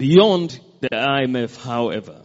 Beyond the IMF, however,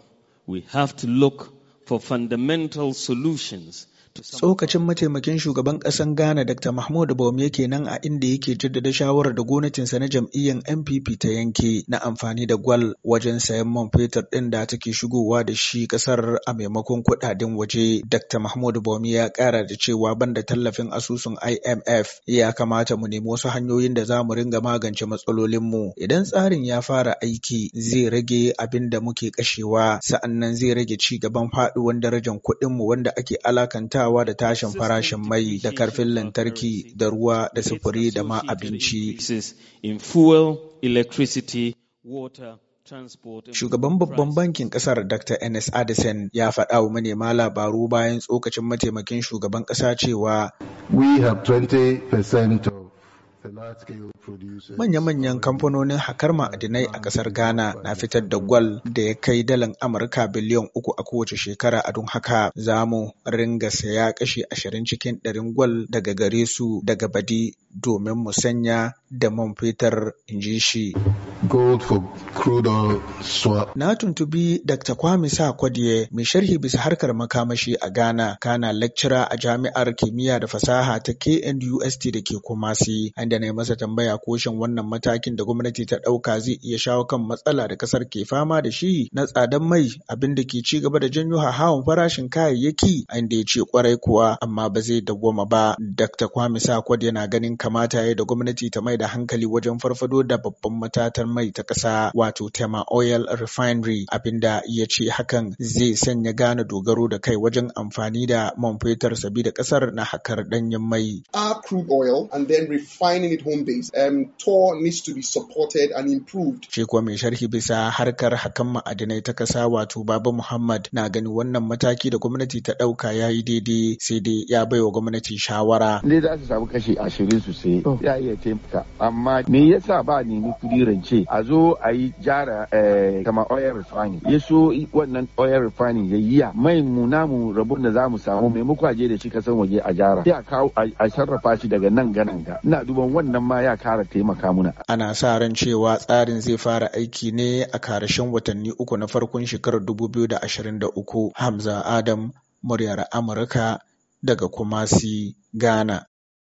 we have to look for fundamental solutions Tsokacin mataimakin shugaban ƙasan Ghana Dr. Mahmoud Bawumia kenan a inda yake jaddada shawarar da gwamnatinsa na jam'iyyar NPP ta yanke na amfani da gwal wajen sayan man fetur ɗin da take shigowa da shi ƙasar a maimakon kuɗaɗen waje. Dr. mahmud Bawumia ya ƙara da cewa banda tallafin asusun IMF ya kamata mu nemi wasu hanyoyin da za mu ringa magance matsalolinmu. Idan tsarin ya fara aiki zai rage abin da muke kashewa sa'annan zai rage ci gaban faɗuwan darajar kuɗinmu wanda ake alakanta haɗawa da tashin farashin mai da karfin lantarki da ruwa da sufuri da ma abinci. Shugaban babban bankin kasar Dr. Enes Addison ya faɗa wa manema labaru bayan tsokacin mataimakin shugaban ƙasa cewa We have 20% of Manya-manyan kamfanonin hakar ma'adinai a ƙasar Ghana na fitar da gwal da ya kai dalan Amurka biliyan uku a kowace shekara a don haka za mu ringa saya kashi ashirin cikin ɗarin gwal daga gare su daga badi domin mu sanya da man fetur, in ji shi. gold for crude oil swap. Na tuntubi Dr. Kwame Sakwadiye mai sharhi bisa harkar makamashi a Ghana, kana lecturer a Jami'ar Kimiyya da Fasaha ta KNUST da ke Kumasi, inda na yi masa tambaya ko shin wannan matakin da gwamnati ta ɗauka zai iya shawo kan matsala da kasar ke fama da shi na tsadan mai abin da ke ci gaba da janyo hawan farashin kayayyaki, inda ya ce kwarai kuwa amma ba zai dawwama ba. Dr. Kwame Sakwadiye na ganin kamata ya yi da gwamnati ta mai da hankali wajen farfado da babban matatan mai ta ƙasa wato Tema Oil Refinery abinda ya ce hakan zai sanya gane dogaro da kai wajen amfani da man fetur sabida ƙasar na hakar ɗanyen mai. Our crude oil and then refining it home base, um, Tor needs to be supported and improved. Shi kuwa mai sharhi bisa harkar hakan ma'adinai ta ƙasa wato Baba Muhammad na gani wannan mataki da gwamnati ta ɗauka ya yi daidai sai dai ya baiwa gwamnati shawara. Ne za su samu kashi ashirin su sai oh. ya iya taimaka amma me yasa ba ni kudi rance a zo a yi jara eh, kama oil refining ya so wannan oil refining ya yi ya mai mu rabu rabon da zamu samu maimako a je da shi kasan waje a jara ya kawo a sarrafa shi daga nan ganin ga ina duban wannan ma ya kara taimaka muna ana sa ran cewa tsarin zai fara aiki ne a karshen watanni uku na farkon shekarar 2023 Hamza Adam muryar Amurka daga Kumasi Ghana